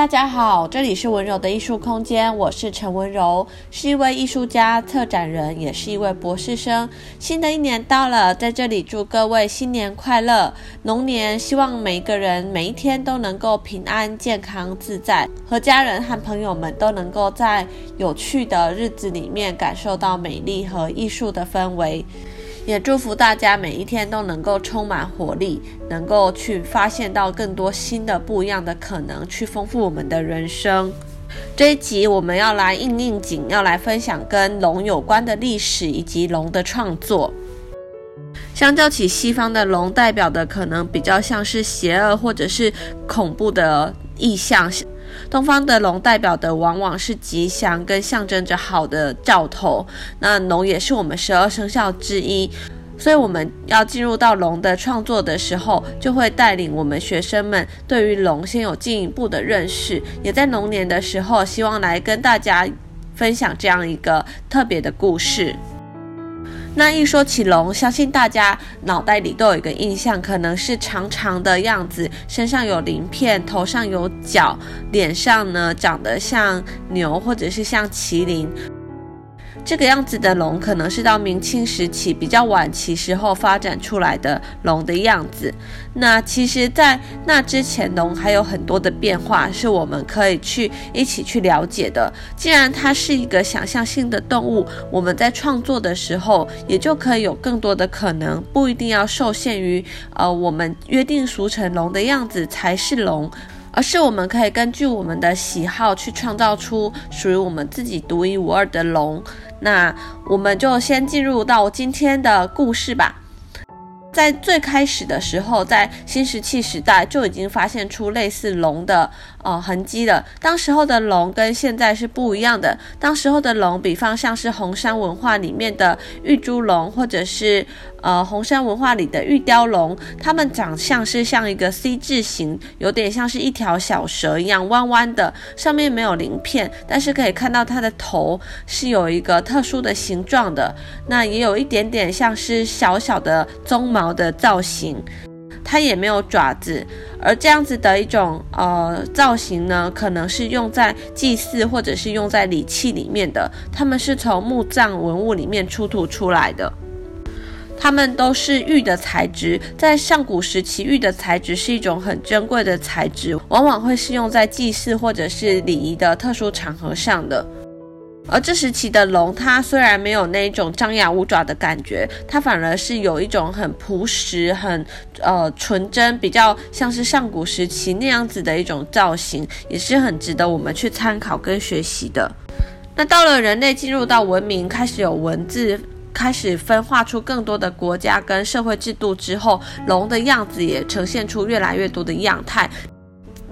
大家好，這裡是溫柔的藝術空間，我是陳溫柔，是一位藝術家、策展人，也是一位博士生。新的一年到了，在這裡祝各位新年快樂，龍年希望每一個人每一天都能夠平安、健康、自在，和家人和朋友們都能夠在有趣的日子裡面感受到美麗和藝術的氛圍。也祝福大家每一天都能夠充滿活力，能夠去發現到更多新的不一樣的可能，去豐富我們的人生。這一集我們要來應應景，要來分享跟龍有關的歷史以及龍的創作。相較起西方的龍，代表的可能比較像是邪惡或者是恐怖的意象。東方的龍代表的往往是吉祥跟象徵着好的兆頭。那龍也是我們十二生肖之一，所以我們要進入到龍的創作的時候，就會帶領我們學生們對於龍先有進一步的認識。也在龍年的時候，希望來跟大家分享這樣一個特別的故事。那一說起龍，相信大家腦袋裡都有一個印象，可能是長長的樣子，身上有鱗片，頭上有角，臉上呢長得像牛或者是像麒麟。這個樣子的龍，可能是到明清時期比較晚期時候發展出來的龍的樣子。那其實，在那之前，龍還有很多的變化，是我們可以去一起去了解的。既然它是一個想象性的動物，我們在創作的時候，也就可以有更多的可能，不一定要受限於，呃，我們約定俗成龍的樣子才是龍。而是我們可以根據我們的喜好去創造出屬於我們自己獨一無二的龍。那我們就先進入到今天的故事吧。在最開始的時候，在新石器時代就已經發現出類似龍的呃痕跡了。當時候的龍跟現在是不一樣的。當時候的龍，比方像是紅山文化裡面的玉豬龍，或者是。呃，紅山文化裡的玉雕龍，它們長相是像一個 C 字形，有點像是一條小蛇一樣彎彎的，上面沒有鱗片，但是可以看到它的頭是有一個特殊的形狀的，那也有一點點像是小小的鬃毛的造型，它也沒有爪子，而這樣子的一種呃造型呢，可能是用在祭祀或者是用在禮器裡面的，它們是從墓葬文物裡面出土出來的。它們都是玉的材質，在上古時期，玉的材質是一種很珍貴的材質，往往會適用在祭祀或者是禮儀的特殊場合上的。而這時期的龍，它雖然沒有那一種張牙舞爪的感覺，它反而是有一種很樸實、很呃純真，比較像是上古時期那樣子的一種造型，也是很值得我們去參考跟學習的。那到了人類進入到文明，開始有文字。開始分化出更多的國家跟社會制度之後，龍的樣子也呈現出越來越多的樣態，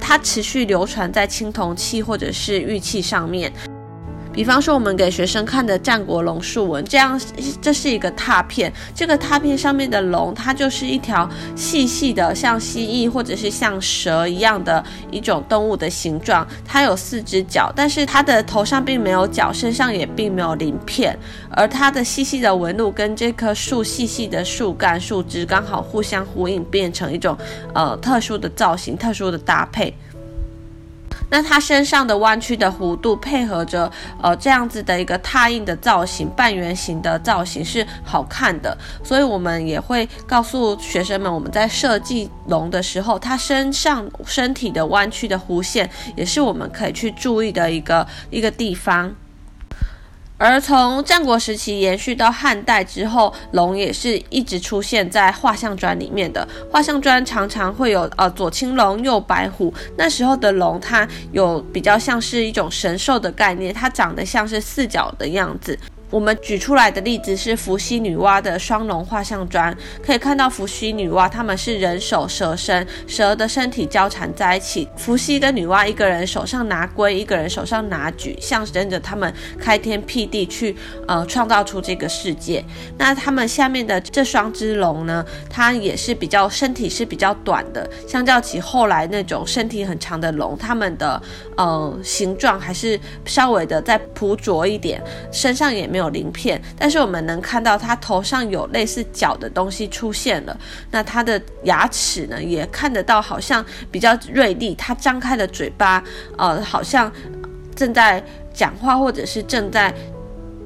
它持續流傳在青銅器或者是玉器上面。比方說，我們給學生看的戰國龍樹紋，這樣，這是一個拓片。這個拓片上面的龍，它就是一條細細的，像蜥蜴或者是像蛇一樣的一種動物的形狀。它有四隻腳，但是它的頭上並沒有角，身上也並沒有鱗片。而它的細細的紋路跟這棵樹細細的樹幹、樹枝剛好互相呼應，變成一種呃特殊的造型、特殊的搭配。那它身上的彎曲的弧度，配合着呃這樣子的一個拓印的造型，半圓形的造型是好看的。所以，我們也會告訴學生們，我們在設計龍的時候，它身上身體的彎曲的弧線，也是我們可以去注意的一個一個地方。而從戰國時期延續到漢代之後，龍也是一直出現在畫像磚裡面的。畫像磚常常會有呃左青龍，右白虎。那時候的龍，它有比較像是一種神獸的概念，它長得像是四腳的樣子。我們舉出來的例子是伏羲女媧的雙龍畫像磚，可以看到伏羲女媧他們是人首蛇身，蛇的身體交纏在一起。伏羲跟女媧一個人手上拿規，一個人手上拿矩，象徵着他們開天闢地去呃創造出這個世界。那他們下面的這雙隻龍呢，它也是比較身體是比較短的，相較起後來那種身體很長的龍，他們的呃形狀還是稍微的再樸拙一點，身上也沒有。鱗片，但是我們能看到它頭上有類似角的東西出現了。那它的牙齒呢，也看得到，好像比較銳利。它張開的嘴巴，呃，好像正在講話，或者是正在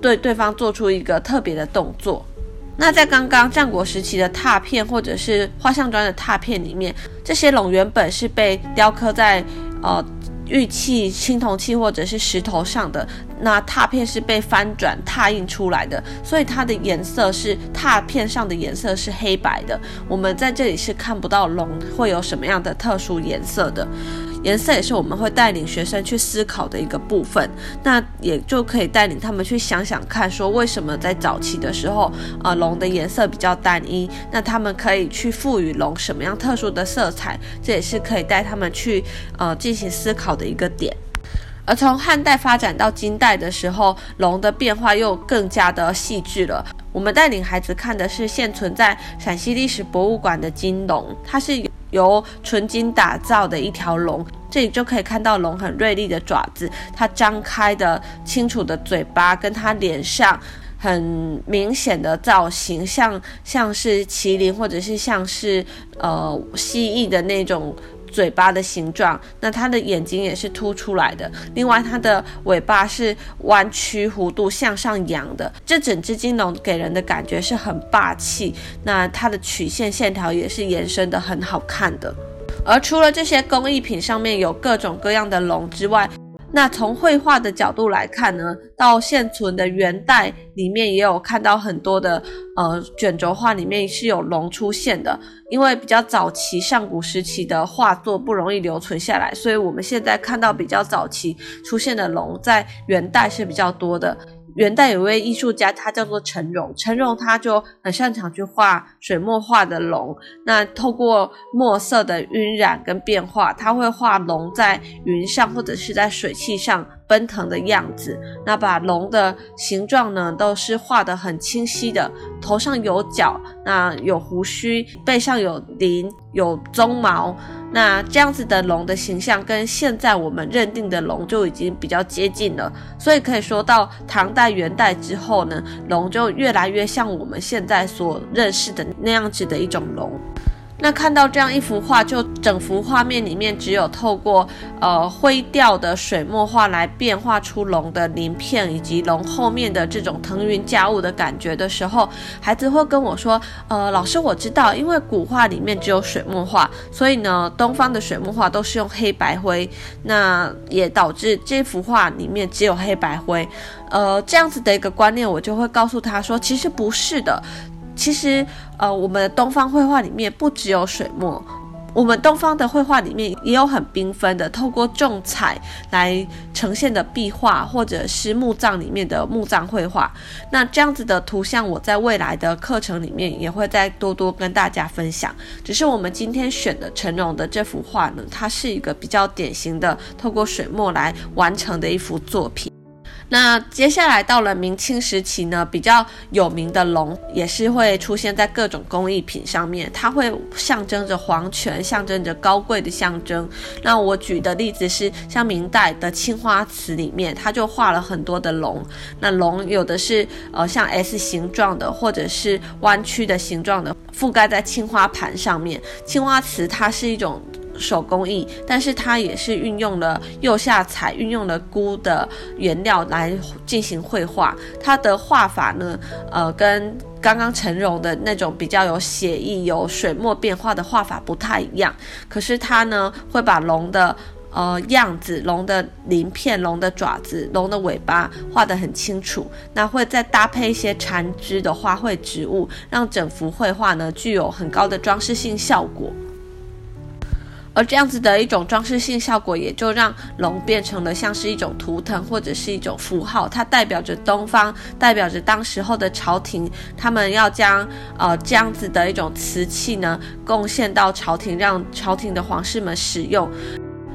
對對方做出一個特別的動作。那在剛剛戰國時期的拓片，或者是畫像磚的拓片裡面，這些龍原本是被雕刻在呃。玉器、青銅器或者是石頭上的，那拓片是被翻轉拓印出來的，所以它的顏色是，拓片上的顏色是黑白的。我們在這裡是看不到龍會有什麼樣的特殊顏色的。顏色也是我們會帶領學生去思考的一個部分，那也就可以帶領他們去想想看，說為什麼在早期的時候，呃，龍的顏色比較單一，那他們可以去賦予龍什麼樣特殊的色彩，這也是可以帶他們去呃進行思考的一個點。而從漢代發展到金代的時候，龍的變化又更加的細緻了。我們帶領孩子看的是現存在陝西歷史博物館的金龍，它是由純金打造的一條龍。這裡就可以看到龍很銳利的爪子，它張開的清楚的嘴巴，跟它臉上很明顯的造型，像像是麒麟或者是像是呃蜥蜴的那種嘴巴的形狀。那它的眼睛也是凸出來的，另外它的尾巴是彎曲弧度向上揚的。這整只金龍給人的感覺是很霸氣，那它的曲線線條也是延伸的很好看的。而除了這些工藝品上面有各種各樣的龍之外，那從繪畫的角度來看呢，到現存的元代裡面也有看到很多的呃卷軸畫裡面是有龍出現的。因為比較早期上古時期的畫作不容易留存下來，所以我們現在看到比較早期出現的龍在元代是比較多的。元代有位藝術家，他叫做陳容。陳容他就很擅長去畫水墨畫的龍。那透過墨色的暈染跟變化，他會畫龍在雲上或者是在水汽上奔騰的樣子。那把龍的形狀呢，都是畫得很清晰的，頭上有角，那有鬍鬚，背上有鱗，有鬃毛。那這樣子的龍的形象，跟現在我們認定的龍就已經比較接近了，所以可以說到唐代、元代之後呢，龍就越來越像我們現在所認識的那樣子的一種龍。那看到這樣一幅畫，就整幅畫面裡面只有透過呃灰調的水墨畫來變化出龍的鱗片以及龍後面的這種騰雲駕霧的感覺的時候，孩子會跟我說：“呃，老師，我知道，因為古畫裡面只有水墨畫，所以呢，東方的水墨畫都是用黑白灰。那也導致這幅畫裡面只有黑白灰。呃，這樣子的一個觀念，我就會告訴他說，其實不是的。”其實，呃，我們的東方繪畫裡面不只有水墨，我們東方的繪畫裡面也有很繽紛的，透過重彩來呈現的壁畫，或者是墓葬裡面的墓葬繪畫。那這樣子的圖像，我在未來的課程裡面也會再多多跟大家分享。只是我們今天選的陳容的這幅畫呢，它是一個比較典型的，透過水墨來完成的一幅作品。那接下來到了明清時期呢，比較有名的龍也是會出現在各種工藝品上面，它會象徵着皇權，象徵着高貴的象徵。那我舉的例子是，像明代的青花瓷裡面，它就畫了很多的龍。那龍有的是呃像 S 形狀的，或者是彎曲的形狀的，覆蓋在青花盤上面。青花瓷它是一種。手工藝，但是它也是運用了釉下彩，運用了鈷的原料來進行繪畫。它的畫法呢，呃，跟剛剛陳容的那種比較有寫意、有水墨變化的畫法不太一樣。可是它呢，會把龍的呃樣子、龍的鱗片、龍的爪子、龍的尾巴畫得很清楚。那會再搭配一些纏枝的花卉植物，讓整幅繪畫呢具有很高的裝飾性效果。而這樣子的一種裝飾性效果，也就讓龍變成了像是一種圖騰或者是一種符號，它代表着東方，代表着當時候的朝廷，他們要將呃這樣子的一種瓷器呢貢獻到朝廷，讓朝廷的皇室們使用。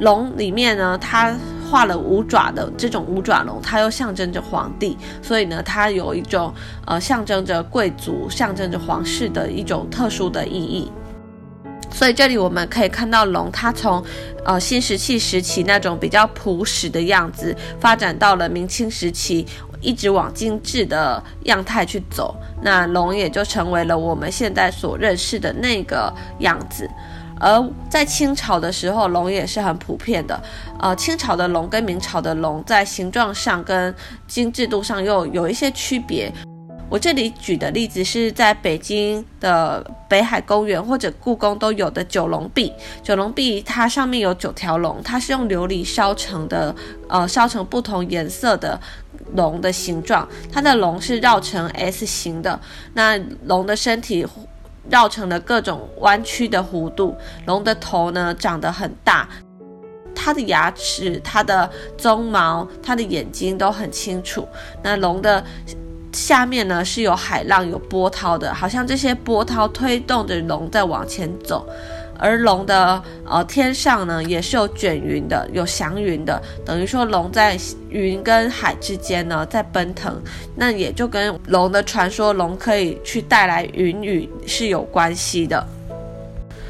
龍裡面呢，它畫了五爪的這種五爪龍，它又象徵着皇帝，所以呢，它有一種呃象徵着貴族、象徵着皇室的一種特殊的意義。所以這裡我們可以看到龍他從，它從呃新石器時期那種比較樸實的樣子，發展到了明清時期，一直往精緻的樣態去走，那龍也就成為了我們現在所認識的那個樣子。而在清朝的時候，龍也是很普遍的，呃，清朝的龍跟明朝的龍在形狀上跟精緻度上又有一些區別。我這裡舉的例子是在北京的北海公園或者故宮都有的九龍壁。九龍壁它上面有九條龍，它是用琉璃燒成的，呃，燒成不同顏色的龍的形狀。它的龍是繞成 S 形的，那龍的身體繞成了各種彎曲的弧度。龍的頭呢長得很大，它的牙齒、它的鬃毛、它的眼睛都很清楚。那龍的。下面呢是有海浪、有波濤的，好像這些波濤推動着龍在往前走，而龍的呃天上呢也是有捲雲的、有祥雲的，等於說龍在雲跟海之間呢在奔騰，那也就跟龍的傳說，龍可以去帶來雲雨是有關係的。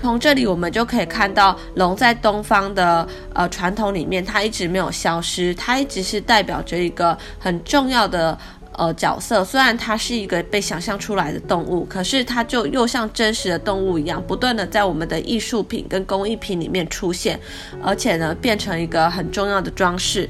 從這裡我們就可以看到，龍在東方的呃傳統裡面，它一直沒有消失，它一直是代表着一個很重要的。呃，角色雖然它是一個被想象出來的動物，可是它就又像真實的動物一樣，不斷的在我們的藝術品跟工藝品裡面出現，而且呢，變成一個很重要的裝飾，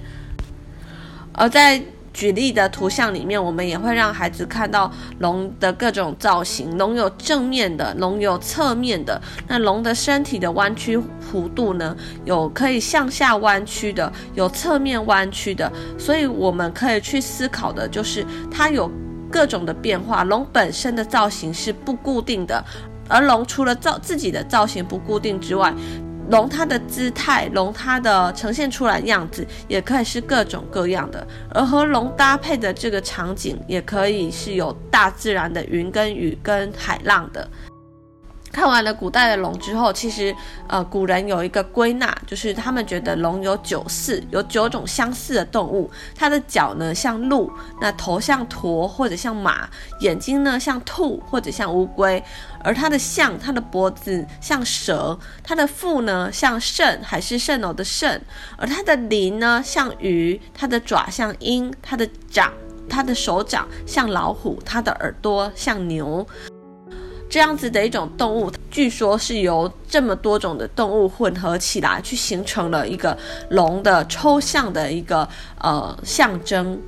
而在。舉例的圖像裡面，我們也會讓孩子看到龍的各種造型。龍有正面的，龍有側面的。那龍的身體的彎曲弧度呢，有可以向下彎曲的，有側面彎曲的。所以我們可以去思考的就是，它有各種的變化。龍本身的造型是不固定的，而龍除了造自己的造型不固定之外，龍它的姿態，龍它的呈現出來樣子，也可以是各種各樣的。而和龍搭配的這個場景，也可以是有大自然的雲跟雨跟海浪的。看完了古代的龍之後，其實呃，古人有一個歸納，就是他們覺得龍有九似，有九種相似的動物。它的腳呢像鹿，那頭像駝或者像馬，眼睛呢像兔或者像烏龜，而它的象，它的脖子像蛇，它的腹呢像蜃，還是蜃樓的蜃，而它的鱗呢像魚，它的爪像鷹，它的掌，它的手掌像老虎，它的耳朵像牛。這樣子的一種動物，據說是由這麼多種的動物混合起來，去形成了一個龍的抽象的一個呃象徵。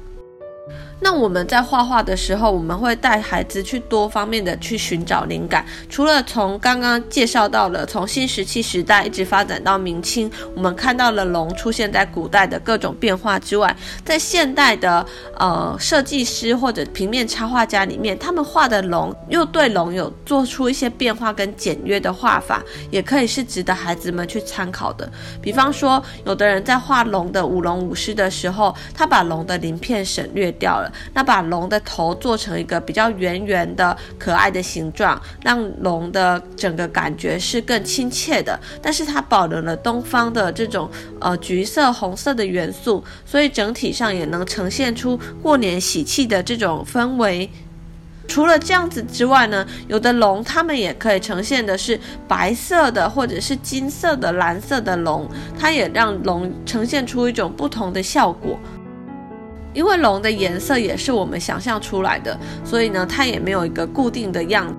那我們在畫畫的時候，我們會帶孩子去多方面的去尋找靈感。除了從剛剛介紹到了從新石器時代一直發展到明清，我們看到了龍出現在古代的各種變化之外，在現代的呃設計師或者平面插畫家裡面，他們畫的龍又對龍有做出一些變化跟簡約的畫法，也可以是值得孩子們去參考的。比方說，有的人在畫龍的舞龍舞獅的時候，他把龍的鱗片省略掉了。那把龍的頭做成一個比較圓圓的、可愛的形狀，讓龍的整個感覺是更親切的。但是它保留了東方的這種呃橘色、紅色的元素，所以整體上也能呈現出過年喜氣的這種氛圍。除了這樣子之外呢，有的龍它們也可以呈現的是白色的，或者是金色的、藍色的龍，它也讓龍呈現出一種不同的效果。因為龍的顏色也是我們想象出來的，所以呢，它也沒有一個固定的樣子。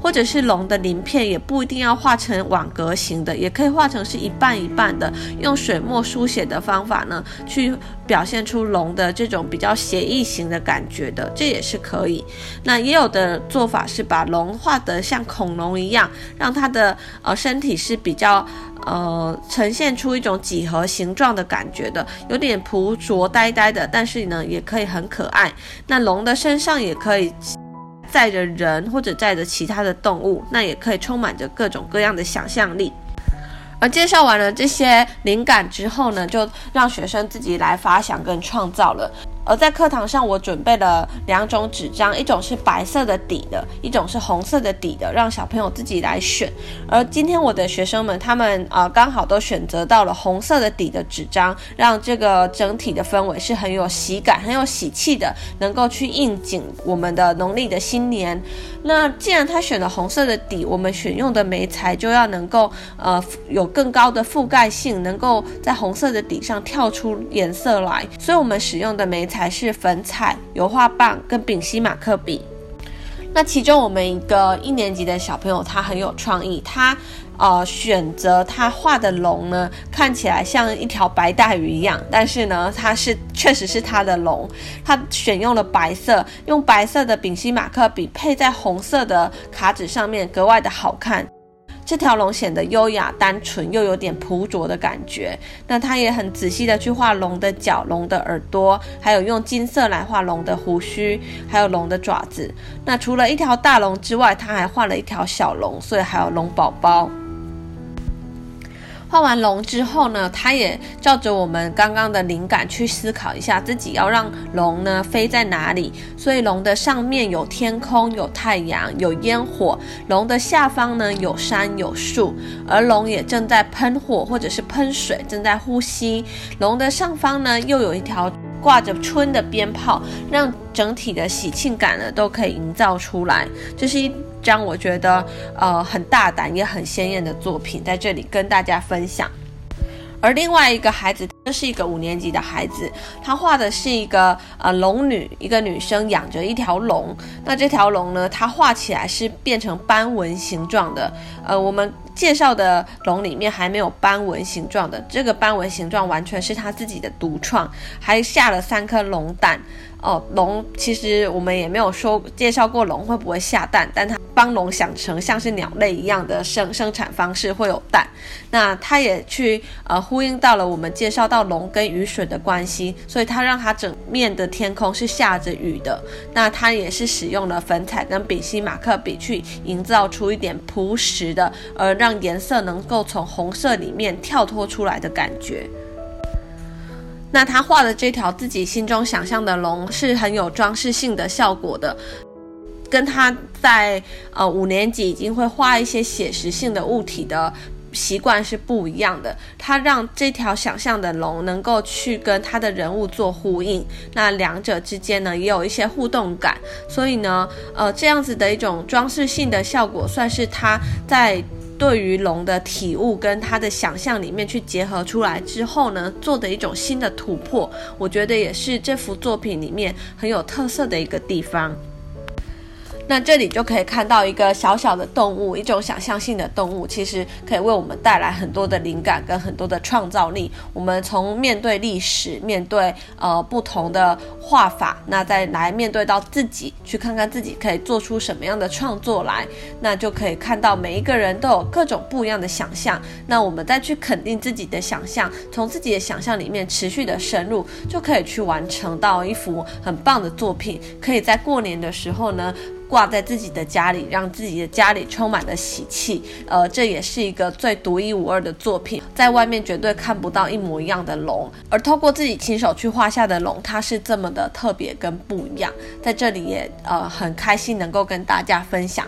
或者是龍的鱗片也不一定要畫成網格型的，也可以畫成是一半一半的，用水墨書寫的方法呢，去表現出龍的這種比較寫意型的感覺的，這也是可以。那也有的做法是把龍畫得像恐龍一樣，讓它的呃身體是比較呃呈現出一種幾何形狀的感覺的，有點樸拙呆呆的，但是呢也可以很可愛。那龍的身上也可以，載着人，或者載着其他的動物，那也可以充滿着各種各樣的想象力。而介紹完了這些靈感之後呢，就讓學生自己來發想跟創造了。而在課堂上，我準備了兩種紙張，一種是白色的底的，一種是紅色的底的，讓小朋友自己來選。而今天我的學生們，他們啊、呃、剛好都選擇到了紅色的底的紙張，讓這個整體的氛圍是很有喜感、很有喜氣的，能夠去應景我們的農曆的新年。那既然他選了紅色的底，我們選用的媒材就要能夠呃有更高的覆蓋性，能夠在紅色的底上跳出顏色來。所以，我們使用的媒材。還是粉彩油畫棒跟丙烯馬克筆。那其中我們一個一年級的小朋友，他很有創意，他呃選擇他畫的龍呢，看起來像一條白大魚一樣，但是呢，它是確實是他的龍，他選用了白色，用白色的丙烯馬克筆配在紅色的卡紙上面，格外的好看。這條龍顯得優雅、單純，又有點樸拙的感覺。那它也很仔細的去畫龍的腳、龍的耳朵，還有用金色來畫龍的鬍鬚，還有龍的爪子。那除了一條大龍之外，它還畫了一條小龍，所以還有龍寶寶。畫完龍之後呢，它也照着我們剛剛的靈感去思考一下，自己要讓龍呢飛在哪裡。所以龍的上面有天空、有太陽、有煙火；龍的下方呢有山有樹，而龍也正在噴火或者是噴水，正在呼吸。龍的上方呢又有一條掛着“春”的鞭炮，讓整體的喜慶感呢都可以營造出來。這、就是一。這樣我覺得，呃，很大膽也很鮮艷的作品在這裡跟大家分享。而另外一個孩子，這是一個五年級的孩子，他畫的是一個呃龍女，一個女生養着一條龍。那這條龍呢，它畫起來是變成斑紋形狀的。呃，我們介紹的龍裡面還沒有斑紋形狀的，這個斑紋形狀完全是他自己的獨創，還下了三顆龍蛋。哦，龍其實我們也沒有說介紹過龍會不會下蛋，但它幫龍想成像是鳥類一樣的生生產方式會有蛋。那它也去呃呼應到了我們介紹到龍跟雨水的關係，所以它讓它整面的天空是下着雨的。那它也是使用了粉彩跟丙烯馬克筆去營造出一點樸實的，呃，讓顏色能夠從紅色裡面跳脫出來的感覺。那他畫的這條自己心中想象的龍是很有裝飾性的效果的，跟他在呃五年級已經會畫一些寫實性的物體的習慣是不一樣的。他讓這條想象的龍能夠去跟他的人物做呼應，那兩者之間呢也有一些互動感。所以呢，呃，這樣子的一種裝飾性的效果算是他在。對於龍的體悟跟他的想象裡面去結合出來之後呢，做的一種新的突破，我覺得也是這幅作品裡面很有特色的一個地方。那這裡就可以看到一個小小的動物，一種想象性的動物，其實可以為我們帶來很多的靈感跟很多的創造力。我們從面對歷史，面對呃不同的畫法，那再來面對到自己，去看看自己可以做出什麼樣的創作來，那就可以看到每一個人都有各種不一樣的想象。那我們再去肯定自己的想象，從自己的想象裡面持續的深入，就可以去完成到一幅很棒的作品，可以在過年的時候呢，掛在自己的家裡，讓自己的家裡充滿了喜氣。呃，這也是一個最獨一無二的作品，在外面絕對看不到一模一樣的龍。而透過自己親手去畫下的龍，它是這麼的特別跟不一樣。在這裡也呃很開心能夠跟大家分享。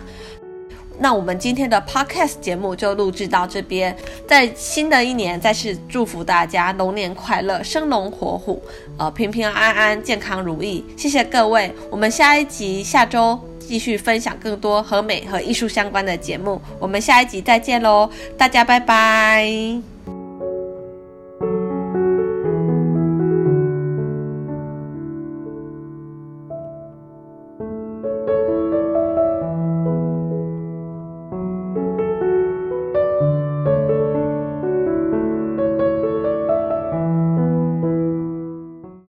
那我們今天的 Podcast 節目就錄製到這邊，在新的一年再次祝福大家龍年快樂，生龍活虎，呃，平平安安，健康如意。謝謝各位，我們下一集下周。繼續分享更多和美和藝術相關的節目，我們下一集再見嘍，大家拜拜。